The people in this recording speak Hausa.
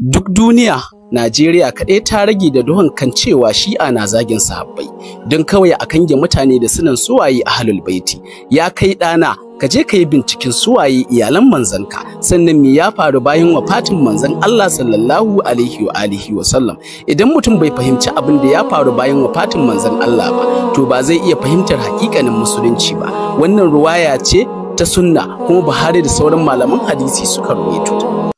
duk duniya Najeriya kaɗai ta rage da duhun kan cewa shi'a na zagin sahabbai don kawai a kange mutane da sunan suwaye a halul baiti ya kai ɗana ka je ka yi binciken suwaye iyalan manzanka sannan me ya faru bayan wafatin manzan Allah sallallahu alaihi wa alihi wa sallam idan mutum bai fahimci abin da ya faru bayan wafatin manzan Allah ba to ba zai iya fahimtar hakikanin musulunci ba wannan ruwaya ce ta sunna kuma Buhari da sauran malaman hadisi suka rawaito